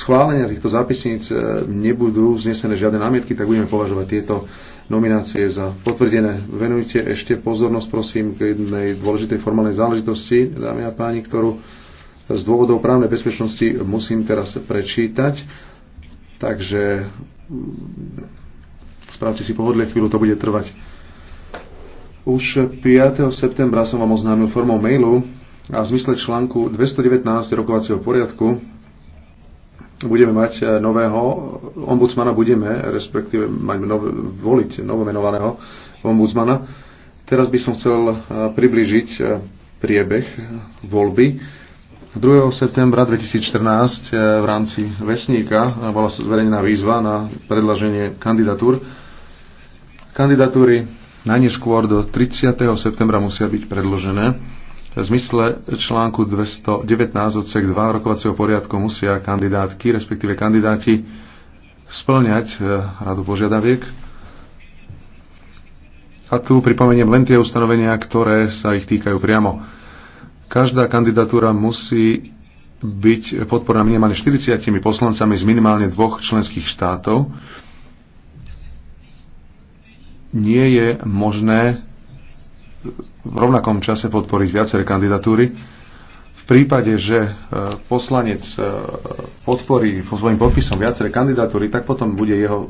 schválenia týchto zápisníc e, nebudú znesené žiadne námietky, tak budeme považovať tieto nominácie za potvrdené. Venujte ešte pozornosť, prosím, k jednej dôležitej formálnej záležitosti, dámy a páni, ktorú z dôvodov právnej bezpečnosti musím teraz prečítať. Takže mm, spravte si pohodlie, chvíľu to bude trvať. Už 5. septembra som vám oznámil formou mailu a v zmysle článku 219 rokovacieho poriadku budeme mať e, nového ombudsmana, budeme, respektíve mať nov, voliť novomenovaného ombudsmana. Teraz by som chcel e, priblížiť e, priebeh voľby. 2. septembra 2014 v rámci Vesníka bola zverejnená výzva na predlaženie kandidatúr. Kandidatúry najneskôr do 30. septembra musia byť predložené v zmysle článku 219 odsek 2 rokovacieho poriadku musia kandidátky, respektíve kandidáti, splňať eh, radu požiadaviek. A tu pripomeniem len tie ustanovenia, ktoré sa ich týkajú priamo. Každá kandidatúra musí byť podporená minimálne 40 poslancami z minimálne dvoch členských štátov. Nie je možné v rovnakom čase podporiť viaceré kandidatúry. V prípade, že e, poslanec e, podporí po svojim podpisom viaceré kandidatúry, tak potom bude jeho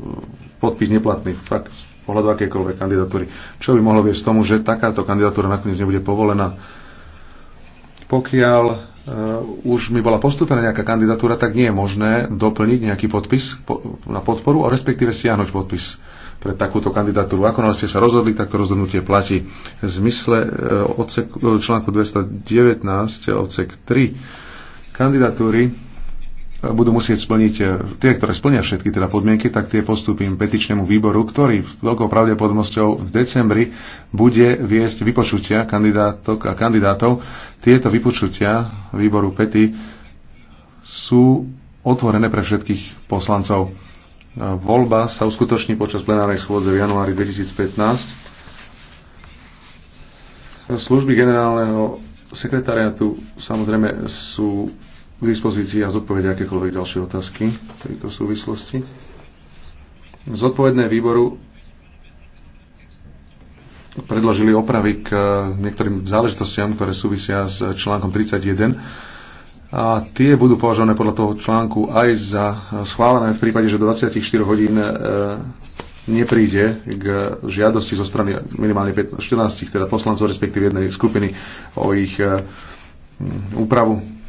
podpis neplatný fakt z pohľadu akékoľvek kandidatúry. Čo by mohlo viesť tomu, že takáto kandidatúra nakoniec nebude povolená. Pokiaľ Eh, už mi bola postupená nejaká kandidatúra, tak nie je možné doplniť nejaký podpis na podporu a respektíve stiahnuť podpis pre takúto kandidatúru. Ako ste sa rozhodli, tak to rozhodnutie platí. V zmysle eh, odsek, eh, článku 219 odsek 3 kandidatúry budú musieť splniť, e, tie, ktoré splnia všetky teda podmienky, tak tie postupím petičnému výboru, ktorý s veľkou pravdepodobnosťou v decembri bude viesť vypočutia kandidátok a kandidátov. Tieto vypočutia výboru pety sú otvorené pre všetkých poslancov. E, voľba sa uskutoční počas plenárnej schôdze v januári 2015. Služby generálneho sekretariatu samozrejme sú k dispozícii a zodpovedia akékoľvek ďalšie otázky v tejto súvislosti. Zodpovedné výboru predložili opravy k niektorým záležitostiam, ktoré súvisia s článkom 31 a tie budú považované podľa toho článku aj za schválené v prípade, že do 24 hodín e, nepríde k žiadosti zo strany minimálne 14, teda poslancov, respektíve jednej skupiny o ich e, úpravu